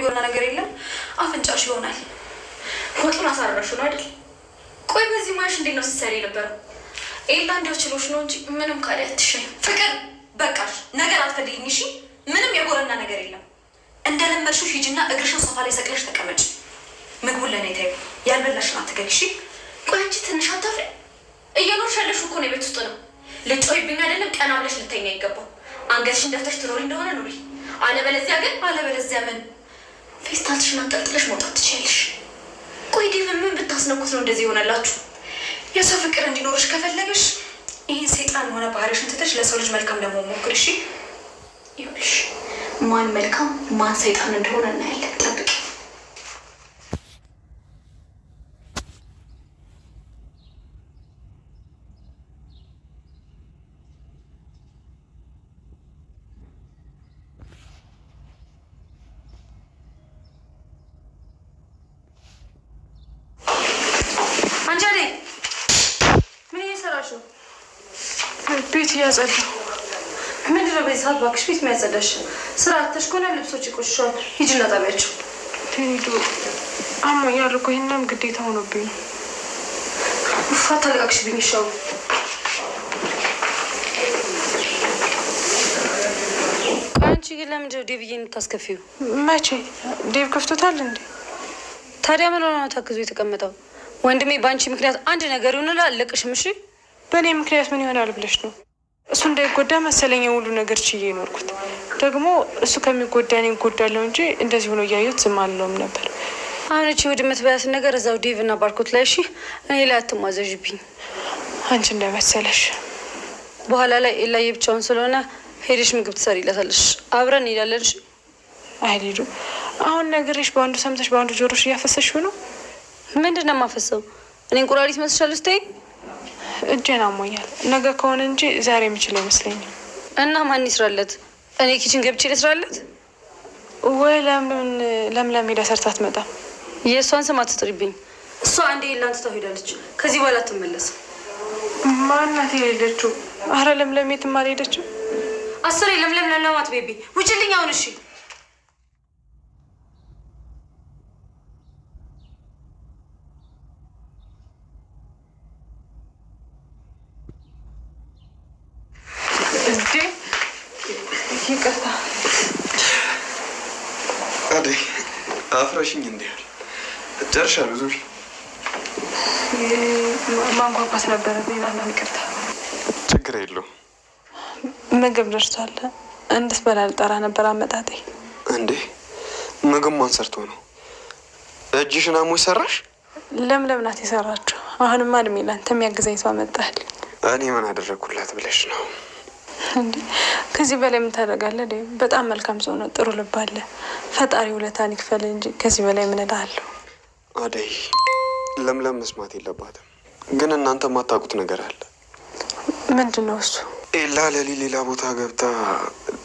የሆነ ነገር የለም። አፍንጫሽ ይሆናል። ወጡን አሳረሹ ነው አይደል? ቆይ በዚህ ማሽ እንዴት ነው ስትሰሪ ነበረው? ኤላ ችሎሽ ነው እንጂ ምንም ካዲ አትሸኝ። ፍቅር በቃሽ፣ ነገር አትፈልግኝ እሺ ምንም የጎረና ነገር የለም። እንደ ሂጅና እግርሽን ሶፋ ላይ ሰቅለሽ ተቀመጭ። ምግቡን ለእኔ ተይው፣ ያልበላሽን አትገቢ። እሺ ቆይ አንቺ ትንሽ አታፍሪ? እየኖርሽ ያለሽው እኮ ነው የቤት ውስጥ ነው። ልጮይብኝ አይደለም፣ ቀና ብለሽ ልተኛ ይገባው። አንገትሽን ደፍተሽ ትኖሪ እንደሆነ ኑሪ፣ አለበለዚያ ግን አለበለዚያ ምን ፌስታልሽን አንጠልጥለሽ መውጣት ትችያለሽ። ቆይ ዴቭ፣ ምን ብታስነኩት ነው እንደዚህ የሆነላችሁ? የሰው ፍቅር እንዲኖርሽ ከፈለገሽ ይህን ሴጣን የሆነ ባህሪሽን ትተሽ ለሰው ልጅ መልካም ደግሞ ሞክር። እሺ ይኸውልሽ፣ ማን መልካም ማን ሰይጣን እንደሆነ እናያለን። የሰራሽው? ቤት እያጸዳሁ። ምንድን ነው በዚህ ሰዓት እባክሽ ቤት የሚያጸዳሽ? ስራ አጥተሽ ከሆነ ልብሶች ይቆሽሻል። ሂጂና ጣቢያቸው። ቴኒዱ አሞኛል እኮ ይህንም ግዴታ ሆኖብኝ ነው። ውፋ ታለቃቅሽብኝ ይሻሉ አንቺ ግን ለምንድነው ዴቭ የምታስከፊው? መቼ ዴቭ ከፍቶታል እንዴ? ታዲያ ምን ሆነ ታክዞ የተቀመጠው? ወንድሜ በአንቺ ምክንያት አንድ ነገር ይሆንላል። አለቅሽም እሺ በእኔ ምክንያት ምን ይሆናል ብለሽ ነው? እሱ እንዳይጎዳ መሰለኝ የሁሉ ነገር ችዬ ኖርኩት ደግሞ እሱ ከሚጎዳ እኔ እጎዳለሁ እንጂ እንደዚህ ሆኖ እያየሁት ዝም አልለውም ነበር። አሁን እቺ ውድመት የምትበያትን ነገር እዛው ዴቭ እና ባርኮት ላይ እሺ፣ እኔ ላይ አትሟዘዥብኝ። አንቺ እንደመሰለሽ በኋላ ላይ ላይ ብቻውን ስለሆነ ሄደሽ ምግብ ትሰሪለታለሽ፣ አብረን እንሄዳለን። እሺ አይሄዱ አሁን ነገርሽ በአንዱ ሰምተሽ በአንዱ ጆሮሽ እያፈሰሽ ነው። ምንድን ነው የማፈሰው? እኔ እንቁራሪት መስሻል ተይ እጄን አሞኛል። ነገ ከሆነ እንጂ ዛሬ የምችል አይመስለኝም። እና ማን ይስራለት? እኔ ኪችን ገብቼ ልስራለት ወይ? ለምን ለምለም ሄዳ ሰርታ አትመጣም? የእሷን ስም አትጥሪብኝ። እሷ አንዴ የላን ሄዳለች። ከዚህ በኋላ ትመለስ ማናት የሌለችው? አረ ለምለም የትም አልሄደችም። አስሬ ለምለም ለምለማት ቤቢ ውጭልኝ አሁን እሺ እንዴ ይቅርታ አደይ አፍረሽኝ እንዲ ያል ጨርሻለሁ። ዙሪ ማንኳኳስ ነበረብኝ። በጣም ይቅርታ። ችግር የለውም። ምግብ ደርሷል። እንድትበላ ልጠራ ነበር አመጣጤ። እንዴ ምግብ ማን ሰርቶ ነው? እጅሽን አሞሽ ሰራሽ? ለምለም ናት የሰራችው። አሁንማ እድሜ ላንተ የሚያግዘኝ ሰው አመጣል። እኔ ምን አደረግኩላት ብለሽ ነው ከዚህ በላይ ምን ታደርጋለህ? በጣም መልካም ሰው ነው፣ ጥሩ ልብ አለ። ፈጣሪ ውለታን ይክፈል እንጂ ከዚህ በላይ ምን እልሃለሁ። አደይ ለምለም መስማት የለባትም። ግን እናንተ የማታውቁት ነገር አለ። ምንድን ነው እሱ? ኤላ ለሊ ሌላ ቦታ ገብታ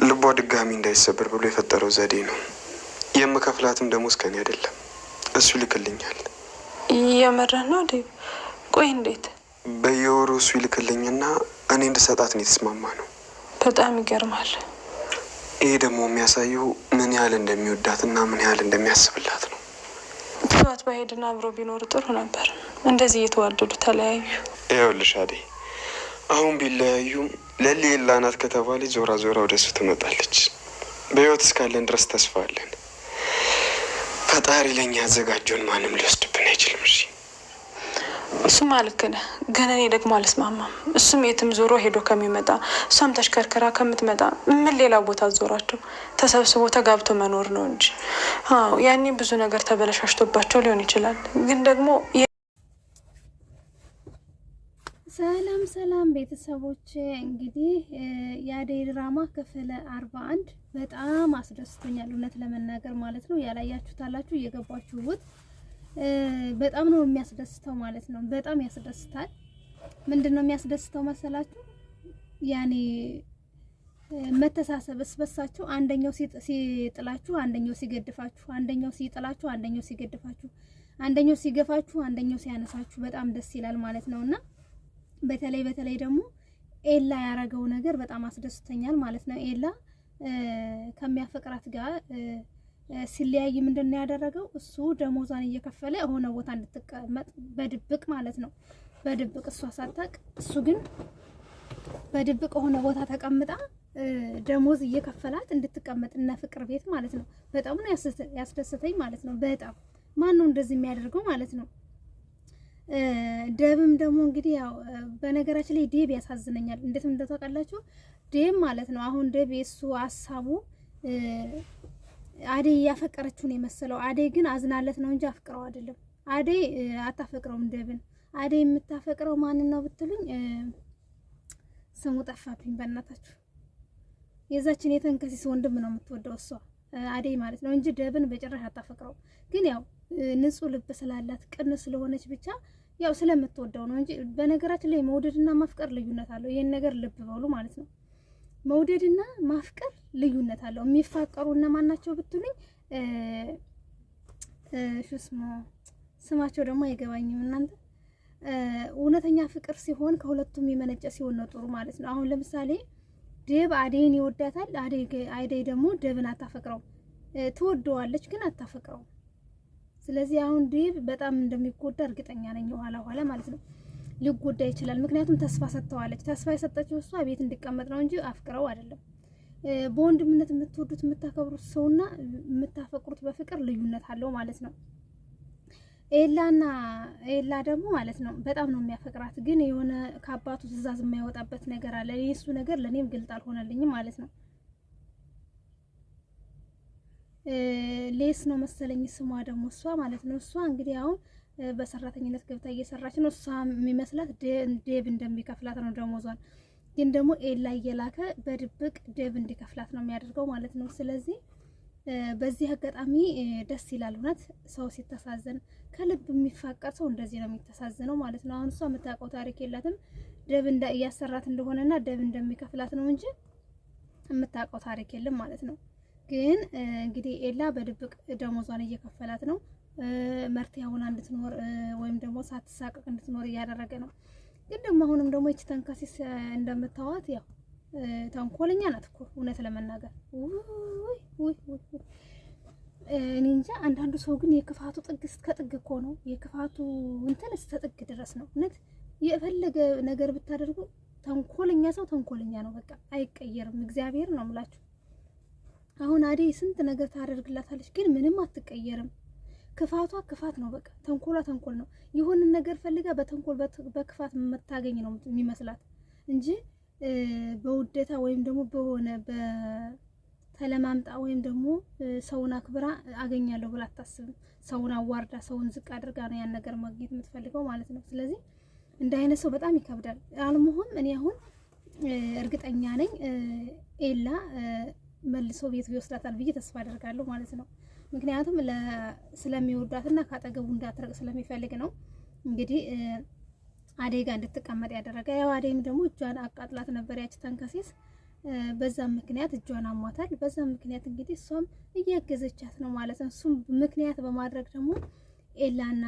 ልቧ ድጋሚ እንዳይሰበር ብሎ የፈጠረው ዘዴ ነው። የምከፍላትም ደግሞ እስከኔ አይደለም፣ እሱ ይልክልኛል። የመረህ ነው ቆይ፣ እንዴት በየወሩ እሱ ይልክልኝና እኔ እንድሰጣት ነው የተስማማ ነው በጣም ይገርማል። ይሄ ደግሞ የሚያሳየው ምን ያህል እንደሚወዳት እና ምን ያህል እንደሚያስብላት ነው። ብዙት ባሄድና አብሮ ቢኖር ጥሩ ነበር። እንደዚህ እየተዋደዱ ተለያዩ። ይኸውልሽ አዴ፣ አሁን ቢለያዩም ለሊ የላናት ከተባለች ዞራ ዞራ ወደ እሱ ትመጣለች። በህይወት እስካለን ድረስ ተስፋ አለን። ፈጣሪ ለእኛ ያዘጋጀውን ማንም ሊወስድብን አይችልም። እሺ እሱማ ልክ ነህ፣ ግን እኔ ደግሞ አልስማማም። እሱም የትም ዞሮ ሄዶ ከሚመጣ እሷም ተሽከርከራ ከምትመጣ ምን ሌላ ቦታ አዞራቸው ተሰብስቦ ተጋብቶ መኖር ነው እንጂ። አዎ ያኔ ብዙ ነገር ተበለሻሽቶባቸው ሊሆን ይችላል። ግን ደግሞ ሰላም ሰላም ቤተሰቦች፣ እንግዲህ የአደይ ድራማ ክፍል አርባ አንድ በጣም አስደስቶኛል እውነት ለመናገር ማለት ነው። እየገባችሁ ውጥ በጣም ነው የሚያስደስተው ማለት ነው። በጣም ያስደስታል። ምንድን ነው የሚያስደስተው መሰላችሁ? ያኔ መተሳሰብ እስበሳችሁ አንደኛው ሲጥላችሁ፣ አንደኛው ሲገድፋችሁ፣ አንደኛው ሲጥላችሁ፣ አንደኛው ሲገድፋችሁ፣ አንደኛው ሲገፋችሁ፣ አንደኛው ሲያነሳችሁ በጣም ደስ ይላል ማለት ነው። እና በተለይ በተለይ ደግሞ ኤላ ያረገው ነገር በጣም አስደስተኛል ማለት ነው። ኤላ ከሚያፈቅራት ጋር ሲለያይ ምንድን ነው ያደረገው? እሱ ደሞዟን እየከፈለ የሆነ ቦታ እንድትቀመጥ በድብቅ ማለት ነው። በድብቅ እሷ ሳታቅ፣ እሱ ግን በድብቅ የሆነ ቦታ ተቀምጣ ደሞዝ እየከፈላት እንድትቀመጥ እና ፍቅር ቤት ማለት ነው። በጣም ነው ያስደሰተኝ ማለት ነው። በጣም ማን ነው እንደዚህ የሚያደርገው ማለት ነው። ደብም ደግሞ እንግዲህ ያው በነገራችን ላይ ዴብ ያሳዝነኛል። እንዴት እንደታውቃላችሁ ዴብ ማለት ነው። አሁን ዴብ የእሱ ሀሳቡ አደይ እያፈቀረችውን የመሰለው አደይ ግን አዝናለት ነው እንጂ አፍቅረው አይደለም። አደይ አታፈቅረውም ደብን። አደይ የምታፈቅረው ማንን ነው ብትሉኝ ስሙ ጠፋብኝ በእናታችሁ። የዛችን የተንከሲስ ወንድም ነው የምትወደው እሷ አደይ ማለት ነው እንጂ ደብን በጭራሽ አታፈቅረው። ግን ያው ንጹህ ልብ ስላላት ቅን ስለሆነች ብቻ ያው ስለምትወደው ነው እንጂ በነገራችን ላይ መውደድና ማፍቀር ልዩነት አለው። ይህን ነገር ልብ በሉ ማለት ነው። መውደድና ማፍቀር ልዩነት አለው። የሚፋቀሩ እነማን ናቸው ብትሉኝ ሹስሞ ስማቸው ደግሞ አይገባኝም እናንተ። እውነተኛ ፍቅር ሲሆን ከሁለቱም የመነጨ ሲሆን ነው ጥሩ ማለት ነው። አሁን ለምሳሌ ዴብ አደይን ይወዳታል፣ አደይ ደግሞ ደብን አታፈቅረው። ትወደዋለች ግን አታፈቅረው። ስለዚህ አሁን ዴብ በጣም እንደሚጎዳ እርግጠኛ ነኝ፣ ኋላ ኋላ ማለት ነው። ሊጎዳ ይችላል። ምክንያቱም ተስፋ ሰጥተዋለች። ተስፋ የሰጠችው እሷ ቤት እንዲቀመጥ ነው እንጂ አፍቅረው አይደለም። በወንድምነት የምትወዱት የምታከብሩት ሰውና የምታፈቅሩት በፍቅር ልዩነት አለው ማለት ነው። ኤላና ኤላ ደግሞ ማለት ነው በጣም ነው የሚያፈቅራት፣ ግን የሆነ ከአባቱ ትዕዛዝ የማይወጣበት ነገር አለ። የእሱ ነገር ለእኔም ግልጽ አልሆነልኝም ማለት ነው። ሌስ ነው መሰለኝ ስሟ ደግሞ እሷ ማለት ነው። እሷ እንግዲህ አሁን በሰራተኝነት ገብታ እየሰራች ነው። እሷ የሚመስላት ዴብ እንደሚከፍላት ነው ደሞዟን። ግን ደግሞ ኤላ እየላከ በድብቅ ዴብ እንዲከፍላት ነው የሚያደርገው ማለት ነው። ስለዚህ በዚህ አጋጣሚ ደስ ይላል። እውነት ሰው ሲተሳዘን ከልብ የሚፋቀር ሰው እንደዚህ ነው የሚተሳዘነው ማለት ነው። አሁን እሷ የምታውቀው ታሪክ የላትም። ደብ እያሰራት እንደሆነና ደብ እንደሚከፍላት ነው እንጂ የምታውቀው ታሪክ የለም ማለት ነው። ግን እንግዲህ ኤላ በድብቅ ደሞዟን እየከፈላት ነው። መርትያ ሆና እንድትኖር ወይም ደግሞ ሳትሳቀቅ እንድትኖር እያደረገ ነው። ግን ደግሞ አሁንም ደግሞ ይች ተንከሲስ እንደምታዋት ያው ተንኮለኛ ናት እኮ እውነት ለመናገር እኔ እንጃ። አንዳንዱ ሰው ግን የክፋቱ ጥግ እስከ ጥግ እኮ ነው። የክፋቱ እንትን እስከ ጥግ ድረስ ነው። እውነት የፈለገ ነገር ብታደርጉ ተንኮለኛ ሰው ተንኮለኛ ነው። በቃ አይቀየርም። እግዚአብሔር ነው የምላችሁ። አሁን አዴ ስንት ነገር ታደርግላታለች፣ ግን ምንም አትቀየርም። ክፋቷ ክፋት ነው። በቃ ተንኮሏ ተንኮል ነው። የሆንን ነገር ፈልጋ በተንኮል በክፋት መታገኝ ነው የሚመስላት እንጂ በውደታ ወይም ደግሞ በሆነ በተለማምጣ ወይም ደግሞ ሰውን አክብራ አገኛለሁ ብላ አታስብም። ሰውን አዋርዳ ሰውን ዝቅ አድርጋ ነው ያን ነገር ማግኘት የምትፈልገው ማለት ነው። ስለዚህ እንደ አይነት ሰው በጣም ይከብዳል። አልሞሆም እኔ አሁን እርግጠኛ ነኝ ኤላ መልሶ ቤት ይወስዳታል ብዬ ተስፋ አደርጋለሁ ማለት ነው። ምክንያቱም ስለሚወዳትና ካጠገቡ እንዳትረቅ ስለሚፈልግ ነው። እንግዲህ አደይ ጋር እንድትቀመጥ ያደረገ ያው አደይም ደግሞ እጇን አቃጥላት ነበር ያች ተንከሴስ። በዛም ምክንያት እጇን አሟታል። በዛም ምክንያት እንግዲህ እሷም እያገዘቻት ነው ማለት ነው። እሱም ምክንያት በማድረግ ደግሞ ኤላና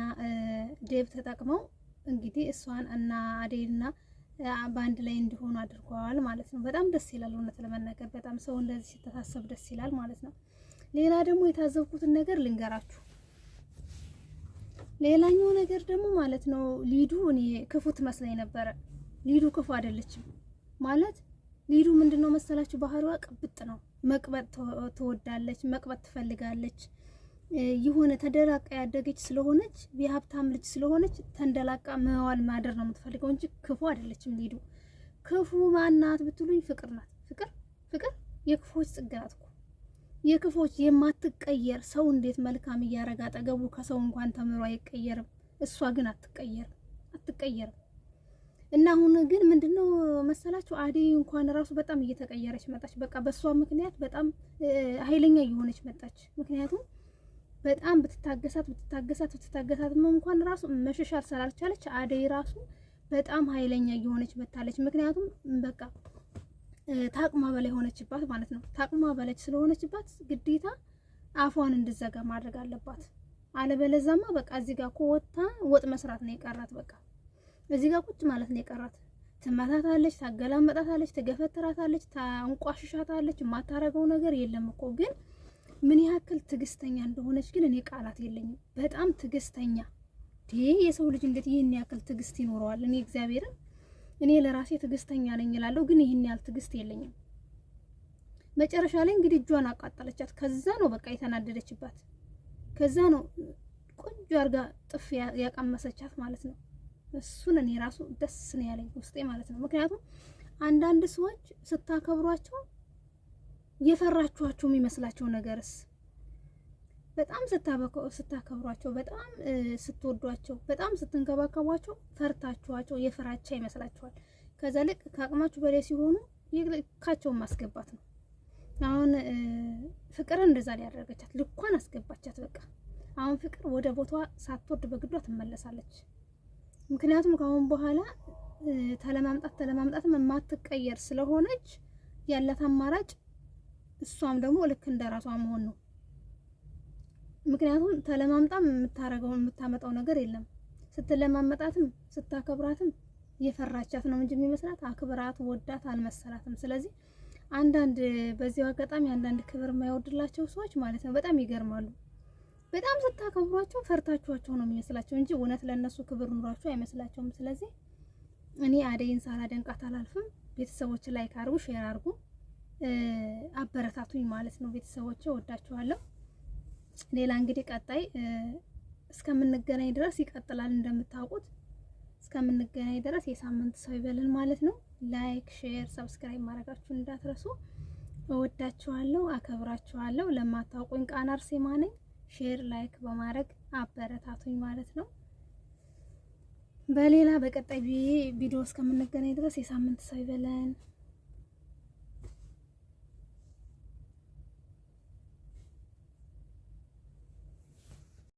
ዴብ ተጠቅመው እንግዲህ እሷን እና አደይና በአንድ ላይ እንዲሆኑ አድርገዋል ማለት ነው። በጣም ደስ ይላል። እውነት ለመናገር በጣም ሰው እንደዚህ ሲተሳሰብ ደስ ይላል ማለት ነው። ሌላ ደግሞ የታዘብኩትን ነገር ልንገራችሁ። ሌላኛው ነገር ደግሞ ማለት ነው ሊዱ እኔ ክፉ ትመስለኝ ነበረ። ሊዱ ክፉ አይደለችም ማለት ሊዱ ምንድነው መሰላችሁ ባህሪዋ ቅብጥ ነው። መቅበጥ ትወዳለች፣ መቅበጥ ትፈልጋለች። የሆነ ተንደላቃ ያደገች ስለሆነች የሀብታም ልጅ ስለሆነች ተንደላቃ መዋል ማደር ነው የምትፈልገው እንጂ ክፉ አይደለችም። ሊዱ ክፉ ማናት ብትሉኝ ፍቅር ናት። ፍቅር ፍቅር የክፉዎች ጽጌ ናት እኮ የክፎች የማትቀየር ሰው እንዴት መልካም እያረገ አጠገቡ ከሰው እንኳን ተምሮ አይቀየርም። እሷ ግን አትቀየርም አትቀየርም። እና አሁን ግን ምንድነው መሰላችሁ አደይ እንኳን ራሱ በጣም እየተቀየረች መጣች። በቃ በእሷ ምክንያት በጣም ኃይለኛ እየሆነች መጣች። ምክንያቱም በጣም ብትታገሳት ብትታገሳት ብትታገሳት እንኳን ራሱ መሸሻል ስላልቻለች አደይ ራሱ በጣም ኃይለኛ እየሆነች መጣለች። ምክንያቱም በቃ ታቅማ በላይ ሆነችባት ማለት ነው። ታቅማ በላይ ስለሆነችባት ግዴታ አፏን እንድዘጋ ማድረግ አለባት። አለበለዛማ በቃ እዚህ ጋር ኮወታ ወጥ መስራት ነው የቀራት። በቃ እዚህ ጋር ቁጭ ማለት ነው የቀራት። ትመታታለች፣ ታገላመጣታለች፣ ትገፈትራታለች፣ ታንቋሽሻታለች። የማታረገው ነገር የለም እኮ ግን ምን ያክል ትግስተኛ እንደሆነች ግን እኔ ቃላት የለኝም። በጣም ትግስተኛ ይሄ የሰው ልጅ እንዴት ይህን ያክል ትግስት ይኖረዋል? እኔ እግዚአብሔርን እኔ ለራሴ ትግስተኛ ነኝ እላለሁ፣ ግን ይህን ያህል ትዕግስት የለኝም። መጨረሻ ላይ እንግዲህ እጇን አቃጠለቻት። ከዛ ነው በቃ የተናደደችባት። ከዛ ነው ቆንጆ አድርጋ ጥፍ ያቀመሰቻት ማለት ነው። እሱን እኔ ራሱ ደስ ነው ያለኝ ውስጤ ማለት ነው። ምክንያቱም አንዳንድ ሰዎች ስታከብሯቸው የፈራችኋቸው የሚመስላቸው ነገርስ በጣም ስታከብሯቸው፣ በጣም ስትወዷቸው፣ በጣም ስትንከባከቧቸው ፈርታችኋቸው የፍራቻ ይመስላችኋል። ከዛ ልቅ ከአቅማችሁ በላይ ሲሆኑ ልካቸውን ማስገባት ነው። አሁን ፍቅርን እንደዛ ያደረገቻት ልኳን አስገባቻት። በቃ አሁን ፍቅር ወደ ቦታዋ ሳትወርድ በግዷ ትመለሳለች። ምክንያቱም ከአሁን በኋላ ተለማምጣት ተለማምጣት የማትቀየር ስለሆነች ያላት አማራጭ እሷም ደግሞ ልክ እንደራሷ መሆን ነው። ምክንያቱም ተለማምጣም የምታረገው የምታመጣው ነገር የለም። ስትለማመጣትም ስታከብራትም የፈራቻት ነው እንጂ የሚመስላት አክብራት ወዳት አልመሰላትም። ስለዚህ አንዳንድ በዚያው አጋጣሚ አንዳንድ ክብር የማይወድላቸው ሰዎች ማለት ነው በጣም ይገርማሉ። በጣም ስታከብሯቸው ፈርታችኋቸው ነው የሚመስላቸው እንጂ እውነት ለእነሱ ክብር ኑሯቸው አይመስላቸውም። ስለዚህ እኔ አደይን ሳላደንቃት አላልፍም። ቤተሰቦች ላይክ አድርጉ፣ ሼር አድርጉ፣ አበረታቱኝ ማለት ነው። ቤተሰቦች ወዳችኋለሁ። ሌላ እንግዲህ ቀጣይ እስከምንገናኝ ድረስ ይቀጥላል። እንደምታውቁት እስከምንገናኝ ድረስ የሳምንት ሰው ይበልን ማለት ነው። ላይክ፣ ሼር፣ ሰብስክራይብ ማድረጋችሁን እንዳትረሱ። እወዳችኋለሁ፣ አከብራችኋለሁ። ለማታውቁኝ ቃና አርሴማ ነኝ። ሼር፣ ላይክ በማድረግ አበረታቱኝ ማለት ነው። በሌላ በቀጣይ ቪዲዮ እስከምንገናኝ ድረስ የሳምንት ሰው ይበለን።